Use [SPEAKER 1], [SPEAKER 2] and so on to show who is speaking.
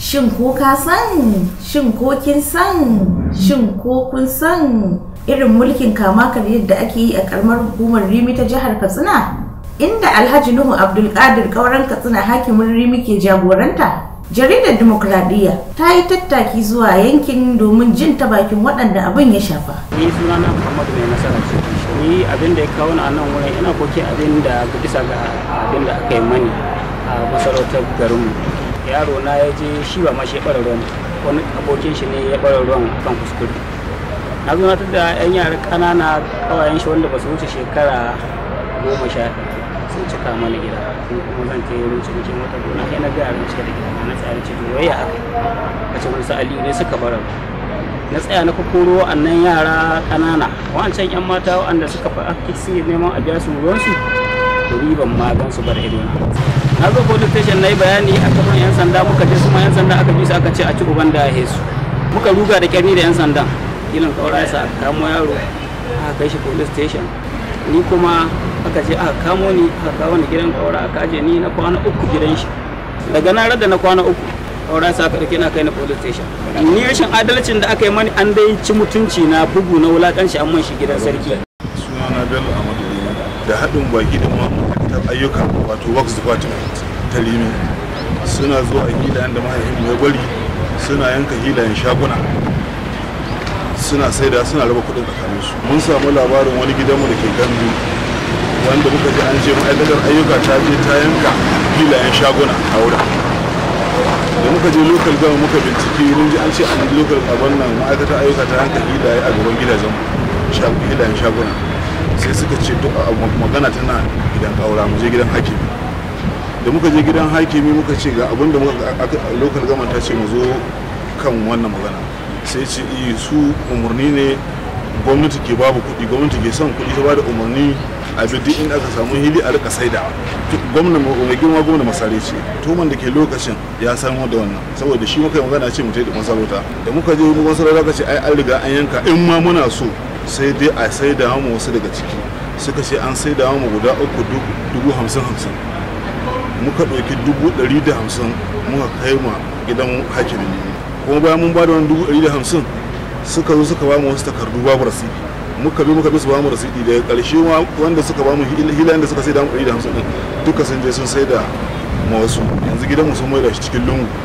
[SPEAKER 1] shin ko ka san shin ko kin san shin ko kun san irin mulkin kama kare yadda ake yi a karamar hukumar rimi ta jihar katsina inda alhaji nuhu abdulkadir kauran katsina hakimin rimi ke jagoranta jaridar demokradiyya ta yi tattaki zuwa yankin domin jin ta bakin waɗanda abin ya shafa
[SPEAKER 2] ni sunana muhammadu mai nasara ce ni abin da ya kawo na nan wurin ina koke abin da bisa ga abin da aka yi mani a masarautar garinmu yaro na ya je shi ba ma shi ya ɓara ruwan wani abokin shi ne ya ɓara ruwan kan kuskure na zo ta da yan yara ƙanana ƙawayen shi wanda ba su wuce shekara goma sha sun cika mana gida sun kuma zan kai wurin cikin wata gona sai na ga yaran cike da gida na tsaye ce to ya haka a ce wani sa'ali ne suka bara na tsaya na kokoro wa'annan yara ƙanana wancan yan mata wanda suka fa'a suke neman a biya su ruwan su ban ma gan su bar idona na zo police station na yi bayani a ban yan sanda muka je kuma yan sanda aka bi su aka ce a ci uban da ya su muka ruga da kyarni da yan sandan ilin kaura sa kamo yaro aka kai shi police station ni kuma aka ce aka kamo ni aka kawo ni gidan kaura aka je ni na kwana uku gidan shi daga na rada na kwana uku kaura sa aka dauke na kai na police station ni rashin adalcin da aka yi mani an dai ci mutunci na bugu na wulakanci an man
[SPEAKER 3] shi gidan sarki sunana bello amadu da haɗin baki da mamu ma'aikatar ayyuka wato works department ta limi suna zuwa hilayen da mahaifin mai gwari suna yanka hilayen shaguna suna saida suna raba kuɗin su mun samu labarin wani gidanmu da ke gandu wanda muka ji an je ma'aikatar ayyuka ta je ta yanka hilayen shaguna a wurin da muka je lokal gama muka bincike mun ji an ce an lokal abin nan ma'aikatar ayyuka ta yanka hilaye a gaban gidajen hilayen shaguna sai suka ce duk ah, magana tana gidan kaura mu je gidan hakimi da muka je gidan hakimi muka ce ga abinda lokal gama ta ce mu zo kan wannan magana sai ce eh, su umarni ne gwamnati ke babu kuɗi gwamnati ke son kuɗi ta bada umarni a bidi in aka samu hili a rika saida gwamnati mai girma gwamnati masare ce tuman da ke lokacin ya samu da wannan saboda shi muka yi magana ce mu da masarauta da muka je masarauta ka ce ai an riga an yanka in ma muna so sai dai a sai da mu wasu daga ciki suka ce an sai da mu guda uku dubu hamsin hamsin muka ɗauki dubu ɗari da hamsin muka kai ma gidan hakimin kuma bayan mun ba da wani dubu ɗari da hamsin suka zo suka ba mu wasu takardu babu rasidi muka bi muka bi su ba mu rasidi da ƙarshe wanda suka ba mu hila da suka sai da mu ɗari da hamsin ɗin duka sun je sun sai da ma wasu yanzu gidan mu sun mai da shi cikin lungu